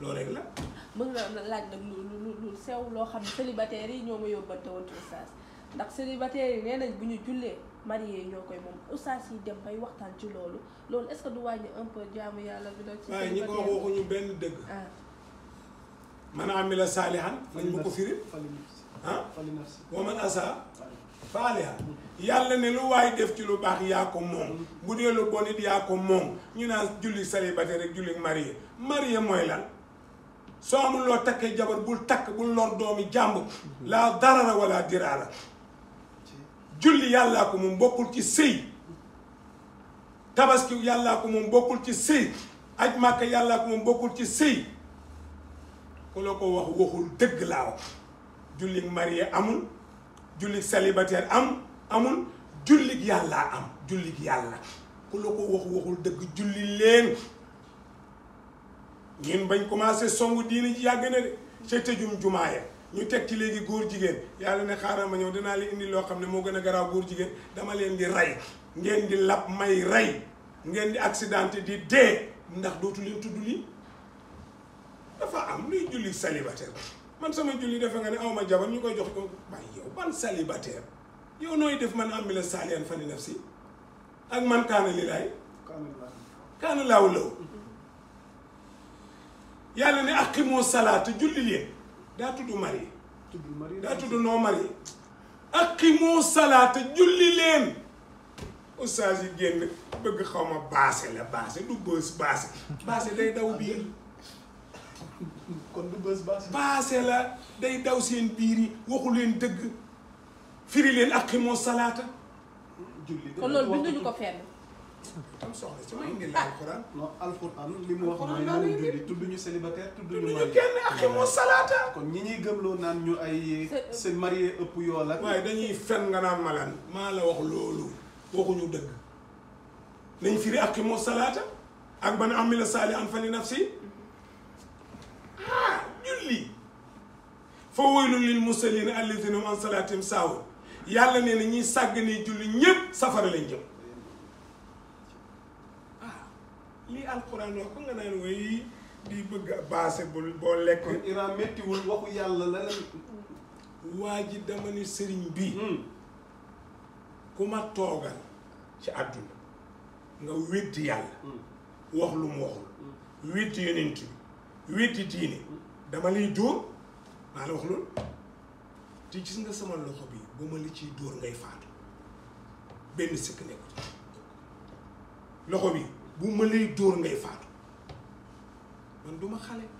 loolu rek la. mën nga laaj nag lu lu lu sew loo xam ne célibataire yi ñoo ma yóbbante woon ci oustaz ndax célibataire yi nee nañ bu ñu jullee marié ñoo koy moom oustaz yi dem bay waxtaan ci loolu loolu est-ce que du wàññi un peu jaamu yàlla bi. ci célibataire ah. ah? yàlla ne lu waay def ci lu baax yaa ko moom bu dee lu bon it yaa ko moom ñu naan julli célibataire rek julli marié marié mooy lan. soo amul loo takkee jabar bul takk bul lor doomi jàmbur laa darara wala diraara julli yàllaa ko moom bokkul ci sëy tabaski yàllaa ko moom bokkul ci sëy aj màkka yàllaa ko moom bokkul ci sëy ku la ko wax waxul dëgg laa wax jullig marié amul jullig célibataire am amul jullig yàllaa am jullig yàlla ku la ko wax waxul dëgg julli leen ngeen bañ commencé songu diini ji yàgg na de ca tëjum jumaa ya ñu teg ci léegi góor jigéen yàlla ne xaaral ma ñëw dinaa leen indi loo xam ne moo gën a garaaw góor jigéen dama leen di rey ngeen di lab may rey ngeen di accidenté di dee ndax dootu leen tudd lii dafa am luy julli célibataire man sama julli defe nga ne awma jabar ñu koy jox ko waaye yow ban célibataire yow nooy def man am bi la saalian fani nafsi ak man kaana lilaay kaana yàlla ne aqimoo salaata julli leen daa tudd marié daa tudd non marié aqimoo salaata julli leen ustaas yi génn bëgg xaw ma baase la baase du bës baase baase day daw biir baase la day daw seen biiri yi waxu leen dëgg firi leen aqimoo salaata julli kon loolu binduñu ko fenn am soxla si li mu wax mooy naan julli tudd ñu célibataire tudd moo salaata. kon ñi ñuy gëmloo naan ñu ay. seen marié ëpp yoo waaye dañuy fen nga naan malaan maa la wax loolu waxuñu dëgg nañ firi ak moo salaata ak ban amila saali an fali nafsi ah julli fa waylun lil musallin alladina an salaatihim saawoon yàlla nee na ñuy sàgg ne julli ñëpp safara lañ jëm. lii alxuraan ko nga naan way di bëgg a baase bul boo lekk iran méttiwul waxu yàlla la la waa ji dama ni sëriñ bi hmm. ku ma toogal ci àdduna nga weddi yàlla hmm. wax lu mu waxul hmm. weddi yonent bi diine dama lay dóor maa la wax loolu te gis nga sama loxo bi bu ma li ciy dóor ngay faatu benn sëkk nekku ci loxo bi bu ma lay dóor ngay faatu man duma ma xale